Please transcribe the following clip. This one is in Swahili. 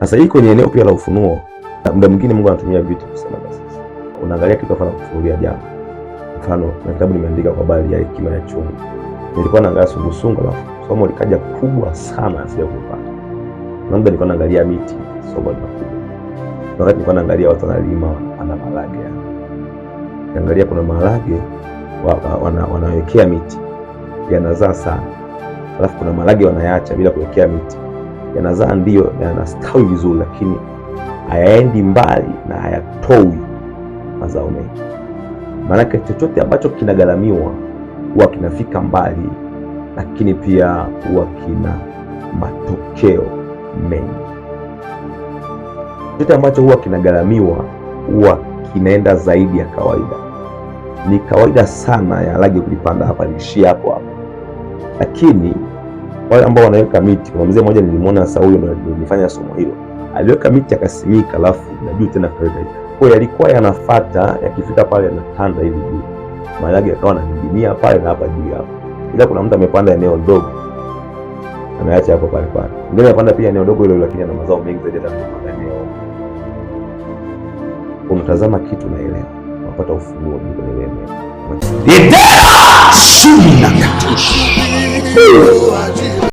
Sasa hii kwenye eneo pia la ufunuo, muda mwingine Mungu anatumia vitu kusema basi, unaangalia kitu afa kufunulia jambo. Mfano, na kitabu nimeandika kwa habari ya hekima ya chungu, nilikuwa naangalia sungusungu, alafu somo likaja kubwa sana, sija kupata na muda nilikuwa naangalia miti, somo linakuja. Wakati nilikuwa naangalia watu wanalima, ana malage, naangalia kuna malage wanawekea miti yanazaa sana, alafu kuna malage wanayaacha bila kuwekea miti yanazaa, ndiyo yanastawi vizuri, lakini hayaendi mbali na hayatoi mazao mengi. Maanake chochote ambacho kinagharamiwa huwa kinafika mbali, lakini pia huwa kina matokeo mengi. Chochote ambacho huwa kinagharamiwa huwa kinaenda zaidi ya kawaida. Ni kawaida sana ya rage kulipanda hapa, niishie hapo hapo, lakini wale ambao wanaweka miti. Kuna mzee mmoja nilimwona, sasa huyo ndio nilifanya somo hilo, aliweka miti akasimika, alafu na juu tena kaweka kawaida. Kwa hiyo yalikuwa yanafuata, yakifika pale yanatanda hivi juu, maharage yakawa yananing'inia pale na hapa juu hapo, ila kuna mtu amepanda eneo ndogo ameacha hapo pale pale, ndio amepanda pia eneo dogo hilo, lakini ana mazao mengi zaidi. Hata kupanda eneo, unatazama kitu naelewa, unapata ufunguo kwenye eneo. Shuna. Shuna. Shuna. Shuna. Shuna.